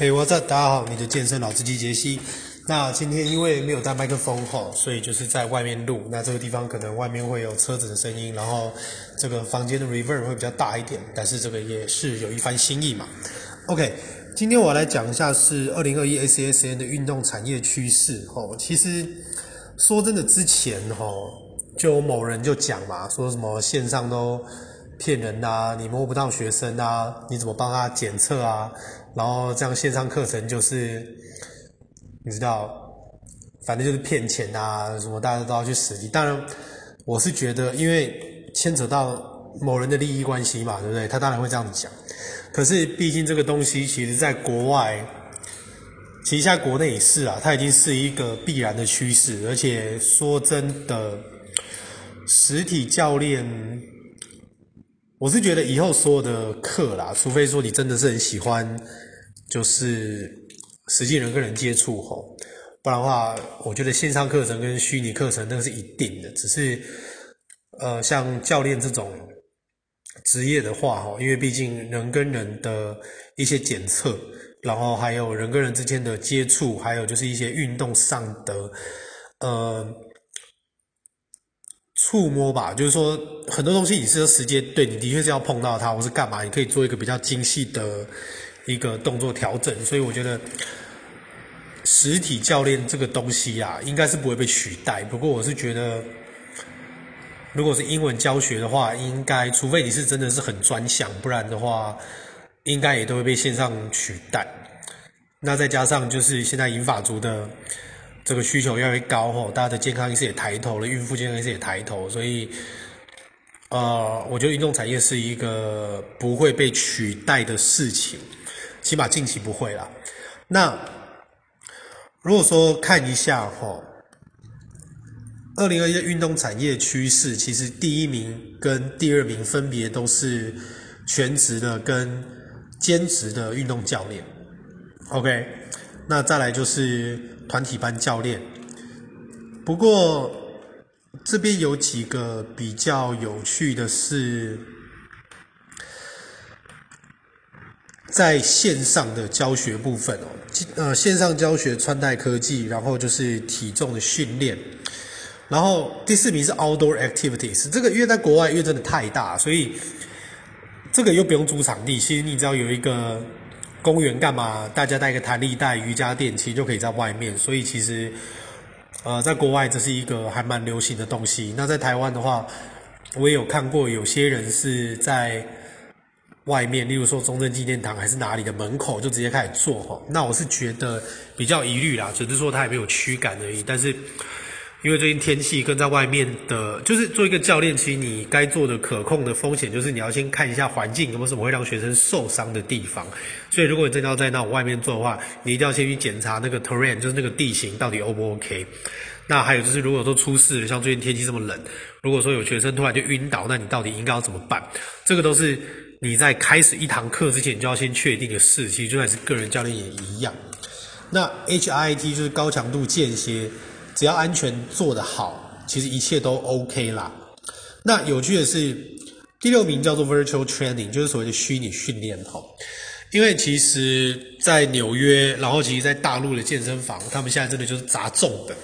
Hey，what's up，大家好，你的健身老司機傑西。那今天因為沒有帶麥克風吼，所以就是在外面錄。那這個地方可能外面會有車子的聲音，然後這個房間的 reverb 會比較大一點，但是這個也是有一番心意嘛。OK，今天我來講一下是二零二一 SSN 的運動產業趨勢。吼，其實說真的，之前吼，就某人就講嘛，說什麼線上都騙人吶、啊，你摸不到學生啊，你怎麼幫他檢測啊？然後這樣線上課程就是，你知道，反正就是騙錢啊，什麼大家都要去實際。當然，我是覺得，因為牽扯到某人的利益關係嘛，對不對？他當然會這樣子講。可是畢竟這個東西，其實在國外，其實在國內也是啊，它已經是一個必然的趨勢。而且說真的，實體教練。我是覺得以後所有的課啦，除非說你真的是很喜歡，就是實際人跟人接觸吼，不然的話，我覺得線上課程跟虛擬課程那個是一定的。只是，呃，像教練這種職業的話，哈，因為畢竟人跟人的一些檢測，然後還有人跟人之間的接觸，還有就是一些運動上的，嗯、呃。觸摸吧，就是說很多東西你是要直接對你的確是要碰到它，或是幹嘛，你可以做一個比較精細的一個動作調整。所以我覺得實體教練這個東西呀、啊，應該是不會被取代。不過我是覺得，如果是英文教學的話，應該除非你是真的是很專項，不然的話，應該也都會被線上取代。那再加上就是現在銀髮族的。這個需求越來越高，哦，大家的健康意識也抬頭了，孕婦健康意識也抬頭，所以，呃，我覺得運動產業是一個不會被取代的事情，起碼近期不會了。那如果說看一下哦，二零二一運動產業趨勢，其實第一名跟第二名分別都是全職的跟兼職的運動教練，OK。那再來就是團體班教練，不過這邊有幾個比較有趣的是在線上的教學部分哦，呃，線上教學，穿戴科技，然後就是體重的訓練，然後第四名是 Outdoor Activities，這個因為在國外因為真的太大，所以這個又不用租場地，其實你知道有一個。公園幹嘛？大家帶一個彈力帶、瑜伽墊，其實就可以在外面。所以其實，呃，在國外這是一個還蠻流行的東西。那在台灣的話，我也有看過，有些人是在外面，例如說中正紀念堂還是哪裡的門口，就直接開始做吼。那我是覺得比較疑慮啦，只是說他也沒有驅趕而已，但是。因為最近天氣跟在外面的，就是做一個教練，其實你該做的可控的風險，就是你要先看一下環境有沒有什麼會讓學生受傷的地方。所以如果你真的要在那外面做的話，你一定要先去檢查那個 terrain，就是那個地形到底 O 不 OK。那還有就是，如果說出事，像最近天氣這麼冷，如果說有學生突然就暈倒，那你到底應該要怎麼辦？這個都是你在開始一堂課之前就要先確定的事情。其實就算是個人教練也一樣。那 HIT 就是高強度間歇。只要安全做得好，其實一切都 OK 啦。那有趣的是，第六名叫做 Virtual Training，就是所謂的虛擬訓練齁。因為其實，在紐約，然後其實在大陸的健身房，他們現在真的就是砸重的，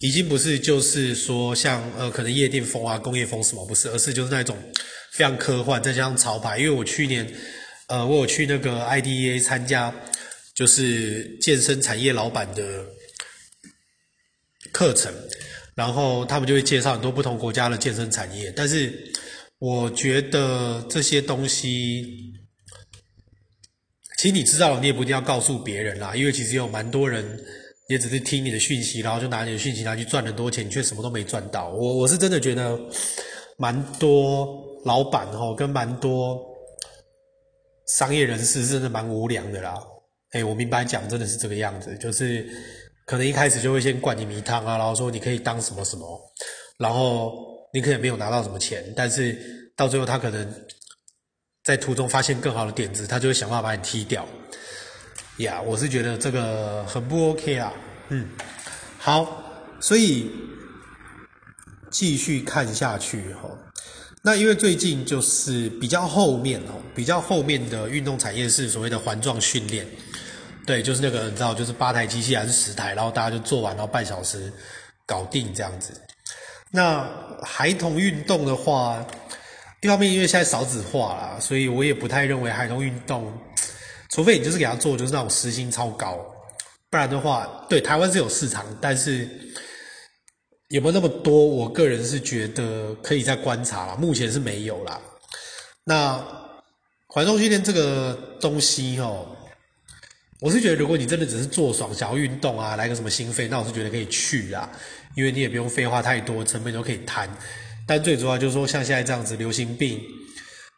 已經不是就是說像呃可能夜店風啊、工業風什麼不是，而是就是那種非常科幻，再加上潮牌。因為我去年呃，我有去那個 IDEA 參加，就是健身產業老闆的。課程，然後他們就會介紹很多不同國家的健身產業。但是我覺得這些東西，其實你知道了，你也不一定要告訴別人啦。因為其實有蠻多人，也只是聽你的訊息，然後就拿你的訊息拿去賺很多錢，你卻什麼都沒賺到。我我是真的覺得，蠻多老板哦，跟蠻多商業人士是真的蠻無良的啦。欸，我明白講，真的是這個樣子，就是。可能一開始就會先灌你米湯啊，然後說你可以當什麼什麼，然後你可能沒有拿到什麼錢，但是到最後他可能在途中發現更好的點子，他就會想辦法把你踢掉。呀、yeah，我是覺得這個很不 OK 啊。嗯，好，所以繼續看下去哈。那因為最近就是比較後面哦，比較後面的運動產業是所謂的環狀訓練。對，就是那個，你知道，就是八台機器還是十台，然後大家就做完，然後半小時搞定這樣子。那孩童運動的話，一方面因為現在少子化啦，所以我也不太認為孩童運動，除非你就是給他做，就是那種時薪超高，不然的話，對，台灣是有市場，但是有沒有那麼多。我個人是覺得可以再觀察啦，目前是沒有啦。那環狀訓練這個東西哦。我是覺得，如果你真的只是做爽，想要運動啊，來個什麼心肺，那我是覺得可以去啊，因為你也不用廢話太多，成本就可以談。但最主要就是說，像現在這樣子流行病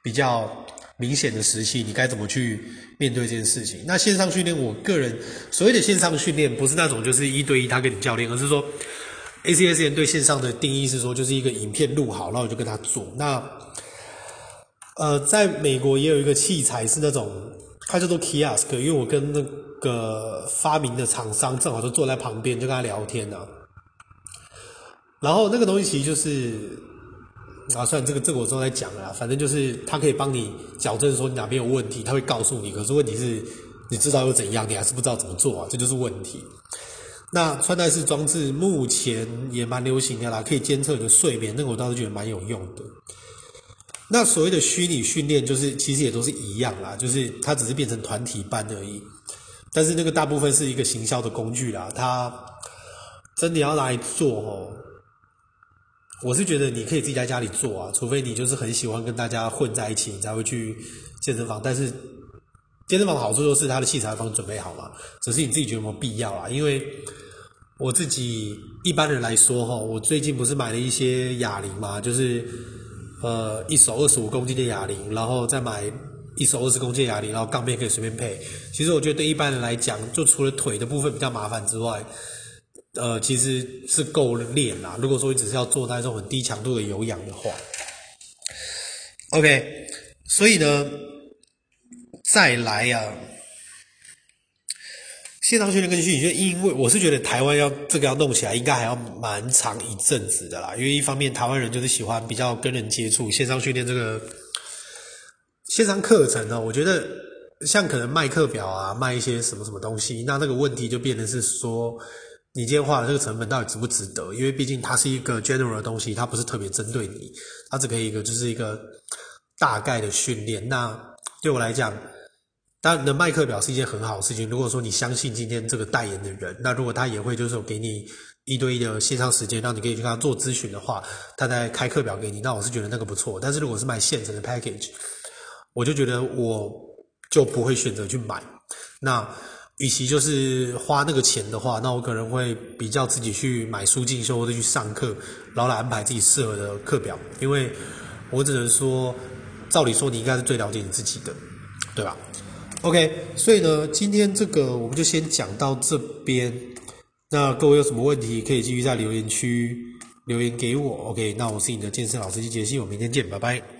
比較明顯的時期，你該怎麼去面對這件事情？那線上訓練，我個人所謂的線上訓練不是那種就是一對一他跟你教練，而是說 ACSM 對線上的定義是說，就是一個影片錄好，然後我就跟他做。那呃，在美國也有一個器材是那種。他叫做 Kiosk，因為我跟那個發明的廠商正好都坐在旁邊，就跟他聊天呢、啊。然後那個東西其實就是，啊，雖然這個這個、我正在講啊，反正就是他可以幫你矯正說你哪邊有問題，他會告訴你。可是問題是，你知道又怎樣？你還是不知道怎麼做啊，這就是問題。那穿戴式裝置目前也蠻流行的啦，可以監測你的睡眠，那個、我倒是覺得蠻有用的。那所謂的虛擬訓練，就是其實也都是一樣啦，就是它只是變成團體班而已。但是那個大部分是一個行銷的工具啦，它真的要來做哦。我是覺得你可以自己在家裡做啊，除非你就是很喜歡跟大家混在一起，你才會去健身房。但是健身房的好處就是它的器材幫你準備好嘛，只是你自己覺得有沒有必要啊？因為我自己一般人來說哈、哦，我最近不是買了一些啞鈴嘛，就是。呃，一手二十五公斤的啞鈴，然後再買一手二十公斤的啞鈴，然後槓片可以隨便配。其實我覺得對一般人來講，就除了腿的部分比較麻煩之外，呃，其實是夠練啦。如果說你只是要做那種很低強度的有氧的話，OK。所以呢，再來呀、啊。線上訓練跟虛擬，因為我是覺得台灣要這個要弄起來，應該還要蠻長一陣子的啦。因為一方面台灣人就是喜歡比較跟人接觸，線上訓練這個線上課程呢，我覺得像可能賣課表啊，賣一些什麼什麼東西，那這個問題就變成是說你今天畫的這個成本到底值不值得？因為畢竟它是一個 general 的東西，它不是特別針對你，它只是一個就是一個大概的訓練。那對我來講。當然，賣課表是一件很好的事情。如果說你相信今天這個代言的人，那如果他也會就是給你一對一的線上時間，讓你可以去跟他做諮詢的話，他再開課表給你，那我是覺得那個不錯。但是如果是買現成的 package，我就覺得我就不會選擇去買。那與其就是花那個錢的話，那我可能會比較自己去買書進修，或者去上課，然後來安排自己適合的課表。因為我只能說，照理說你應該是最了解你自己的，對吧？OK，所以呢，今天這個我們就先講到這邊。那各位有什麼問題，可以繼續在留言區留言給我。OK，那我是你的健身老師，機傑西，我們明天見，拜拜。